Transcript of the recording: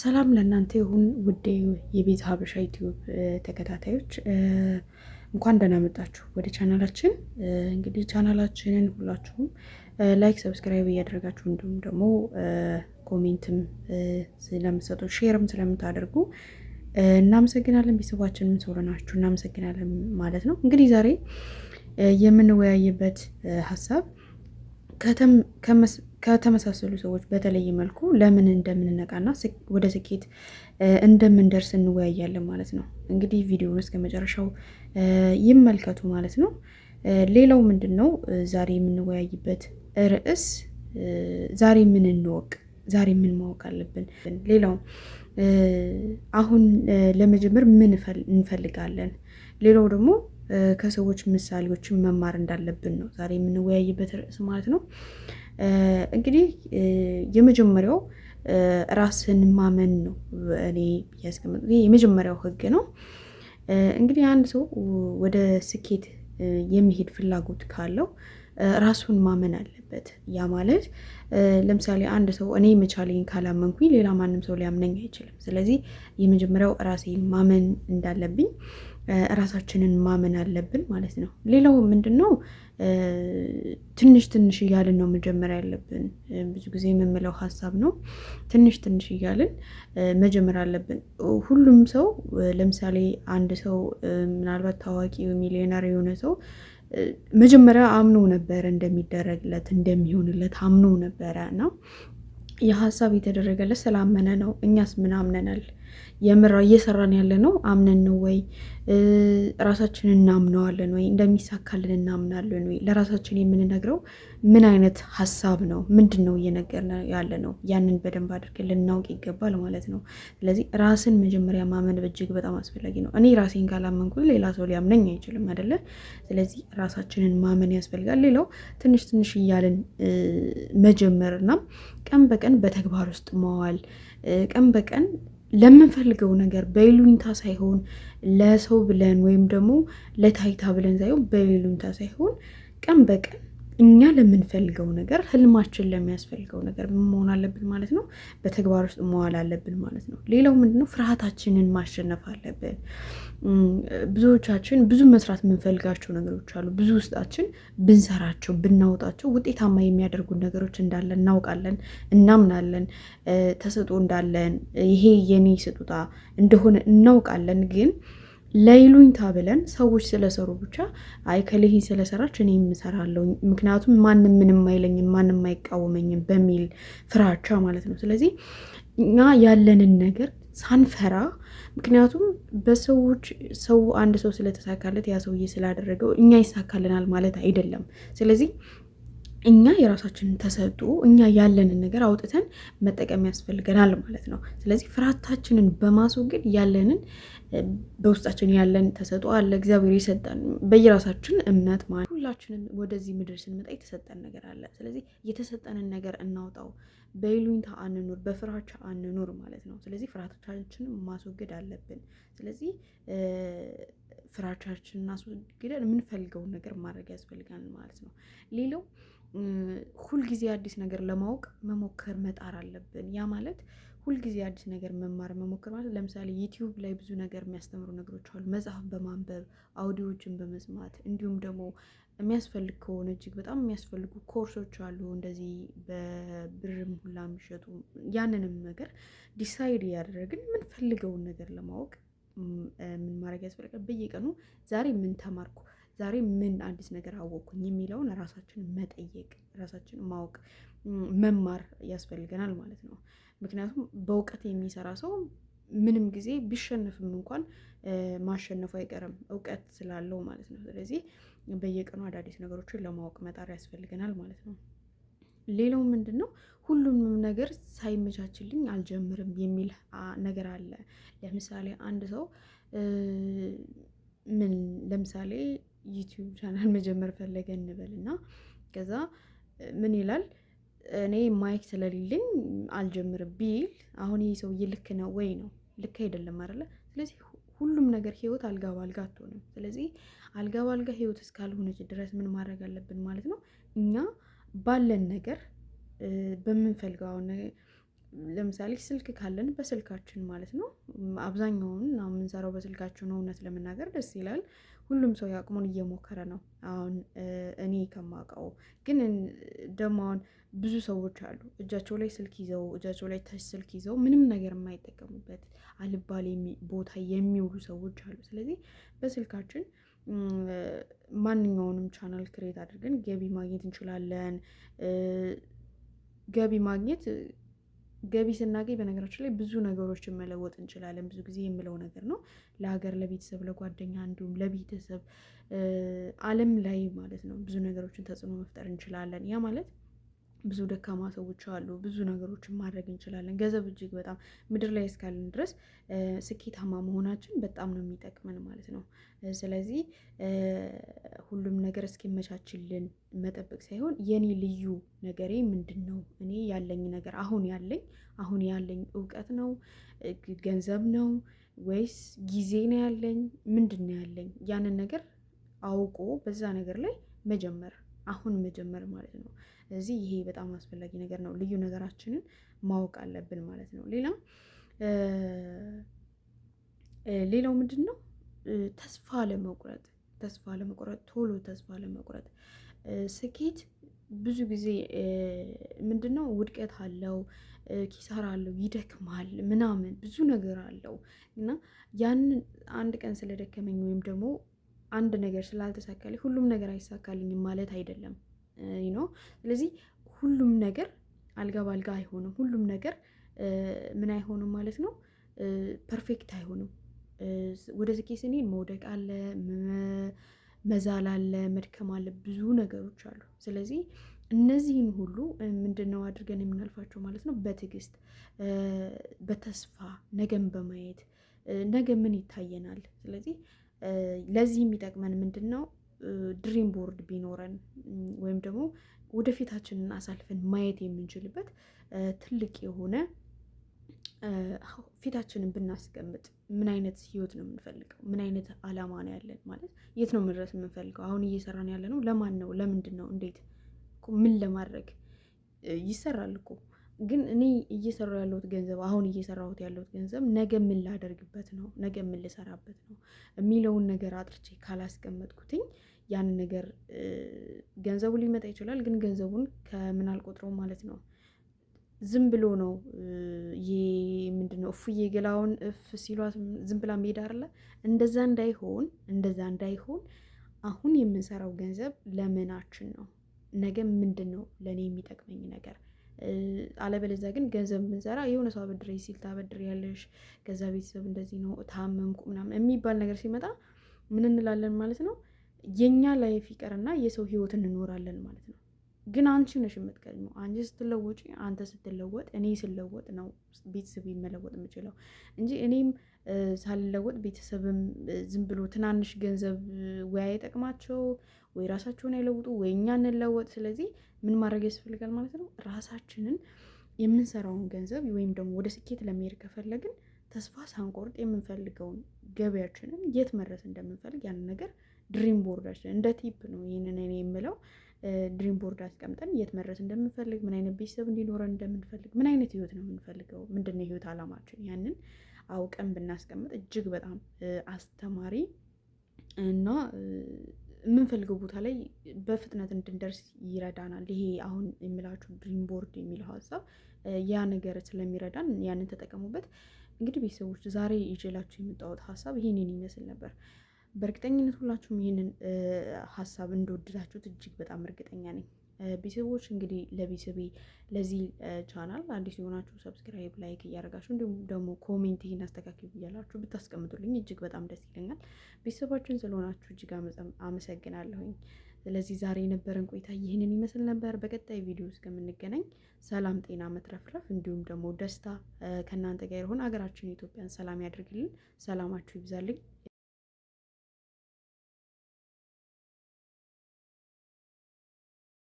ሰላም ለእናንተ ይሁን ውዴ የቤት ሀበሻ ዩቲዩብ ተከታታዮች እንኳን ደህና መጣችሁ ወደ ቻናላችን። እንግዲህ ቻናላችንን ሁላችሁም ላይክ፣ ሰብስክራይብ እያደረጋችሁ እንዲሁም ደግሞ ኮሜንትም ስለምሰጡ ሼርም ስለምታደርጉ እናመሰግናለን። ቤተሰባችንም ስለሆናችሁ እናመሰግናለን ማለት ነው። እንግዲህ ዛሬ የምንወያይበት ሀሳብ ከተመሳሰሉ ሰዎች በተለየ መልኩ ለምን እንደምንነቃና ወደ ስኬት እንደምንደርስ እንወያያለን ማለት ነው። እንግዲህ ቪዲዮውን እስከ መጨረሻው ይመልከቱ ማለት ነው። ሌላው ምንድን ነው ዛሬ የምንወያይበት ርዕስ ዛሬ ምን እንወቅ፣ ዛሬ ምን ማወቅ አለብን። ሌላው አሁን ለመጀመር ምን እንፈልጋለን። ሌላው ደግሞ ከሰዎች ምሳሌዎችን መማር እንዳለብን ነው ዛሬ የምንወያይበት ርዕስ ማለት ነው። እንግዲህ የመጀመሪያው ራስን ማመን ነው። እኔ ያስቀምጥ የመጀመሪያው ህግ ነው። እንግዲህ አንድ ሰው ወደ ስኬት የሚሄድ ፍላጎት ካለው ራሱን ማመን አለበት። ያ ማለት ለምሳሌ አንድ ሰው እኔ መቻሌን ካላመንኩኝ ሌላ ማንም ሰው ሊያምነኝ አይችልም። ስለዚህ የመጀመሪያው ራሴን ማመን እንዳለብኝ ራሳችንን ማመን አለብን ማለት ነው። ሌላው ምንድን ነው ትንሽ ትንሽ እያልን ነው መጀመሪያ ያለብን። ብዙ ጊዜ የምንለው ሀሳብ ነው። ትንሽ ትንሽ እያልን መጀመር አለብን። ሁሉም ሰው ለምሳሌ አንድ ሰው ምናልባት ታዋቂ ሚሊዮነር የሆነ ሰው መጀመሪያ አምኖ ነበረ እንደሚደረግለት እንደሚሆንለት አምኖ ነበረ እና የሀሳብ የተደረገለት ስላመነ ነው። እኛስ ምን አምነናል? የምራ እየሰራን ያለ ነው አምነን ነው ወይ ራሳችንን እናምነዋለን ወይ እንደሚሳካልን እናምናለን ወይ ለራሳችን የምንነግረው ምን አይነት ሀሳብ ነው ምንድን ነው እየነገር ያለ ነው ያንን በደንብ አድርገን ልናውቅ ይገባል ማለት ነው ስለዚህ ራስን መጀመሪያ ማመን እጅግ በጣም አስፈላጊ ነው እኔ ራሴን ካላመንኩ ሌላ ሰው ሊያምነኝ አይችልም አይደለ ስለዚህ ራሳችንን ማመን ያስፈልጋል ሌላው ትንሽ ትንሽ እያልን መጀመርና ቀን በቀን በተግባር ውስጥ መዋል ቀን በቀን ለምንፈልገው ነገር በይሉኝታ ሳይሆን ለሰው ብለን ወይም ደግሞ ለታይታ ብለን ሳይሆን በይሉኝታ ሳይሆን ቀን በቀን እኛ ለምንፈልገው ነገር ህልማችን ለሚያስፈልገው ነገር መሆን አለብን ማለት ነው። በተግባር ውስጥ መዋል አለብን ማለት ነው። ሌላው ምንድነው? ፍርሃታችንን ማሸነፍ አለብን። ብዙዎቻችን ብዙ መስራት የምንፈልጋቸው ነገሮች አሉ። ብዙ ውስጣችን ብንሰራቸው ብናወጣቸው ውጤታማ የሚያደርጉን ነገሮች እንዳለን እናውቃለን፣ እናምናለን። ተሰጦ እንዳለን ይሄ የኔ ስጦታ እንደሆነ እናውቃለን ግን ለይሉኝታ ብለን ሰዎች ስለሰሩ ብቻ አይ ከልሂ ስለሰራች እኔ የምሰራለሁ ምክንያቱም ማንም ምንም አይለኝም ማንም አይቃወመኝም በሚል ፍራቻ ማለት ነው። ስለዚህ እኛ ያለንን ነገር ሳንፈራ ምክንያቱም በሰዎች ሰው አንድ ሰው ስለተሳካለት ያ ሰውዬ ስላደረገው እኛ ይሳካልናል ማለት አይደለም። ስለዚህ እኛ የራሳችንን ተሰጡ እኛ ያለንን ነገር አውጥተን መጠቀም ያስፈልገናል ማለት ነው። ስለዚህ ፍርሃታችንን በማስወገድ ያለንን በውስጣችን ያለን ተሰጦ አለ። እግዚአብሔር የሰጠን በየራሳችን እምነት ማለት ሁላችንም ወደዚህ ምድር ስንመጣ የተሰጠን ነገር አለ። ስለዚህ የተሰጠንን ነገር እናውጣው። በይሉኝታ አንኑር፣ በፍራቻ አንኑር ማለት ነው። ስለዚህ ፍራቻችንን ማስወገድ አለብን። ስለዚህ ፍራቻችንን አስወግደን የምንፈልገውን ነገር ማድረግ ያስፈልጋል ማለት ነው። ሌላው ሁልጊዜ አዲስ ነገር ለማወቅ መሞከር መጣር አለብን። ያ ማለት ሁልጊዜ አዲስ ነገር መማር መሞከር ማለት ለምሳሌ ዩቲዩብ ላይ ብዙ ነገር የሚያስተምሩ ነገሮች አሉ። መጽሐፍ በማንበብ አውዲዎችን በመስማት እንዲሁም ደግሞ የሚያስፈልግ ከሆነ እጅግ በጣም የሚያስፈልጉ ኮርሶች አሉ። እንደዚህ በብርም ሁላ የሚሸጡ ያንንም ነገር ዲሳይድ እያደረግን የምንፈልገውን ነገር ለማወቅ ምን ማድረግ ያስፈልጋል? በየቀኑ ዛሬ ምን ተማርኩ፣ ዛሬ ምን አዲስ ነገር አወቅኩኝ የሚለውን ራሳችን መጠየቅ፣ ራሳችን ማወቅ፣ መማር ያስፈልገናል ማለት ነው። ምክንያቱም በእውቀት የሚሰራ ሰው ምንም ጊዜ ቢሸነፍም እንኳን ማሸነፉ አይቀርም እውቀት ስላለው ማለት ነው። ስለዚህ በየቀኑ አዳዲስ ነገሮችን ለማወቅ መጣር ያስፈልገናል ማለት ነው። ሌላው ምንድን ነው፣ ሁሉንም ነገር ሳይመቻችልኝ አልጀምርም የሚል ነገር አለ። ለምሳሌ አንድ ሰው ምን ለምሳሌ ዩቲዩብ ቻናል መጀመር ፈለገ እንበል እና ከዛ ምን ይላል እኔ ማይክ ስለሌለኝ አልጀምርም ቢል አሁን ይህ ሰውዬ ልክ ነው ወይ ነው? ልክ አይደለም አይደለ? ስለዚህ ሁሉም ነገር ህይወት አልጋ ባልጋ አትሆንም። ስለዚህ አልጋ ባልጋ ህይወት እስካልሆነች ድረስ ምን ማድረግ አለብን ማለት ነው? እኛ ባለን ነገር በምንፈልገው አሁን ለምሳሌ ስልክ ካለን በስልካችን ማለት ነው። አብዛኛውን የምንሰራው በስልካችን ነው። እውነት ለመናገር ደስ ይላል። ሁሉም ሰው ያቅሙን እየሞከረ ነው። አሁን እኔ ከማውቀው ግን ደግሞ አሁን ብዙ ሰዎች አሉ እጃቸው ላይ ስልክ ይዘው እጃቸው ላይ ተች ስልክ ይዘው ምንም ነገር የማይጠቀሙበት አልባሌ ቦታ የሚውሉ ሰዎች አሉ። ስለዚህ በስልካችን ማንኛውንም ቻናል ክሬት አድርገን ገቢ ማግኘት እንችላለን። ገቢ ማግኘት ገቢ ስናገኝ በነገራችን ላይ ብዙ ነገሮችን መለወጥ እንችላለን። ብዙ ጊዜ የምለው ነገር ነው። ለሀገር፣ ለቤተሰብ፣ ለጓደኛ እንዲሁም ለቤተሰብ ዓለም ላይ ማለት ነው ብዙ ነገሮችን ተጽዕኖ መፍጠር እንችላለን። ያ ማለት ብዙ ደካማ ሰዎች አሉ። ብዙ ነገሮችን ማድረግ እንችላለን። ገንዘብ እጅግ በጣም ምድር ላይ እስካለን ድረስ ስኬታማ መሆናችን በጣም ነው የሚጠቅመን ማለት ነው። ስለዚህ ሁሉም ነገር እስኪመቻችልን መጠበቅ ሳይሆን የኔ ልዩ ነገሬ ምንድን ነው? እኔ ያለኝ ነገር አሁን ያለኝ አሁን ያለኝ እውቀት ነው፣ ገንዘብ ነው ወይስ ጊዜ ነው ያለኝ? ምንድን ነው ያለኝ? ያንን ነገር አውቆ በዛ ነገር ላይ መጀመር አሁን መጀመር ማለት ነው። እዚህ ይሄ በጣም አስፈላጊ ነገር ነው። ልዩ ነገራችንን ማወቅ አለብን ማለት ነው። ሌላ ሌላው ምንድን ነው? ተስፋ ለመቁረጥ ተስፋ ለመቁረጥ ቶሎ ተስፋ ለመቁረጥ ስኬት ብዙ ጊዜ ምንድን ነው ውድቀት አለው፣ ኪሳራ አለው፣ ይደክማል ምናምን ብዙ ነገር አለው እና ያንን አንድ ቀን ስለደከመኝ ወይም ደግሞ አንድ ነገር ስላልተሳካልኝ ሁሉም ነገር አይሳካልኝም ማለት አይደለም ነው። ስለዚህ ሁሉም ነገር አልጋ ባልጋ አይሆንም። ሁሉም ነገር ምን አይሆንም ማለት ነው፣ ፐርፌክት አይሆንም። ወደ ስኬት ስንሄድ መውደቅ አለ፣ መዛል አለ፣ መድከም አለ፣ ብዙ ነገሮች አሉ። ስለዚህ እነዚህን ሁሉ ምንድን ነው አድርገን የምናልፋቸው ማለት ነው፣ በትዕግስት በተስፋ ነገን በማየት ነገ ምን ይታየናል። ስለዚህ ለዚህ የሚጠቅመን ምንድን ነው? ድሪም ቦርድ ቢኖረን ወይም ደግሞ ወደፊታችንን አሳልፈን ማየት የምንችልበት ትልቅ የሆነ ፊታችንን ብናስቀምጥ ምን አይነት ህይወት ነው የምንፈልገው? ምን አይነት አላማ ነው ያለን? ማለት የት ነው መድረስ የምንፈልገው? አሁን እየሰራን ያለ ነው ለማን ነው? ለምንድን ነው? እንዴት? ምን ለማድረግ ይሰራል እኮ ግን እኔ እየሰራሁ ያለሁት ገንዘብ አሁን እየሰራሁት ያለሁት ገንዘብ ነገ ምን ላደርግበት ነው፣ ነገ ምን ልሰራበት ነው የሚለውን ነገር አጥርቼ ካላስቀመጥኩትኝ ያን ነገር ገንዘቡ ሊመጣ ይችላል፣ ግን ገንዘቡን ከምን አልቆጥረው ማለት ነው። ዝም ብሎ ነው ይሄ ምንድን ነው እፉዬ ገላውን እፍ ሲሏት ዝም ብላ ሜዳ አለ። እንደዛ እንዳይሆን እንደዛ እንዳይሆን አሁን የምንሰራው ገንዘብ ለምናችን ነው፣ ነገ ምንድን ነው ለእኔ የሚጠቅመኝ ነገር አለበለዚያ ግን ገንዘብ ምንሰራ የሆነ ሰው አበድሬ ሲል ታበድር ያለሽ ከዛ ቤተሰብ እንደዚህ ነው ታመምኩ ምናምን የሚባል ነገር ሲመጣ ምን እንላለን ማለት ነው የኛ ላይፍ ይቀርና የሰው ህይወት እንኖራለን ማለት ነው። ግን አንቺ ነሽ የምትቀድመው። አንቺ ስትለወጪ፣ አንተ ስትለወጥ፣ እኔ ስለወጥ ነው ቤተሰብ መለወጥ የምችለው እንጂ እኔም ሳልለወጥ ቤተሰብም ዝም ብሎ ትናንሽ ገንዘብ ወይ አይጠቅማቸው ወይ ራሳቸውን አይለውጡ ወይ እኛ እንለወጥ። ስለዚህ ምን ማድረግ ያስፈልጋል ማለት ነው? ራሳችንን የምንሰራውን ገንዘብ ወይም ደግሞ ወደ ስኬት ለመሄድ ከፈለግን ተስፋ ሳንቆርጥ የምንፈልገውን ገበያችንን የት መድረስ እንደምንፈልግ ያንን ነገር ድሪም ቦርዳችን እንደ ቲፕ ነው ይህንን እኔ የምለው ድሪም ቦርድ አስቀምጠን የት መድረስ እንደምንፈልግ፣ ምን አይነት ቤተሰብ እንዲኖረን እንደምንፈልግ፣ ምን አይነት ህይወት ነው የምንፈልገው፣ ምንድነው ህይወት አላማችን፣ ያንን አውቀን ብናስቀምጥ እጅግ በጣም አስተማሪ እና የምንፈልገው ቦታ ላይ በፍጥነት እንድንደርስ ይረዳናል። ይሄ አሁን የሚላችሁ ድሪም ቦርድ የሚለው ሀሳብ ያ ነገር ስለሚረዳን ያንን ተጠቀሙበት። እንግዲህ ቤተሰቦች ዛሬ ይዤላችሁ የመጣሁት ሀሳብ ይህንን ይመስል ነበር። በእርግጠኝነት ሁላችሁም ይህንን ሀሳብ እንደወደዳችሁት እጅግ በጣም እርግጠኛ ነኝ። ቤተሰቦች እንግዲህ ለቤተሰቤ ለዚህ ቻናል አዲስ የሆናችሁ ሰብስክራይብ፣ ላይክ እያደረጋችሁ እንዲሁም ደግሞ ኮሜንት ይህን አስተካክል እያላችሁ ብታስቀምጡልኝ እጅግ በጣም ደስ ይለኛል። ቤተሰባችን ስለሆናችሁ እጅግ አመሰግናለሁኝ። ስለዚህ ዛሬ የነበረን ቆይታ ይህንን ይመስል ነበር። በቀጣይ ቪዲዮ እስከምንገናኝ ሰላም፣ ጤና፣ መትረፍረፍ እንዲሁም ደግሞ ደስታ ከእናንተ ጋር ይሁን። ሀገራችን ኢትዮጵያን ሰላም ያድርግልን። ሰላማችሁ ይብዛልኝ።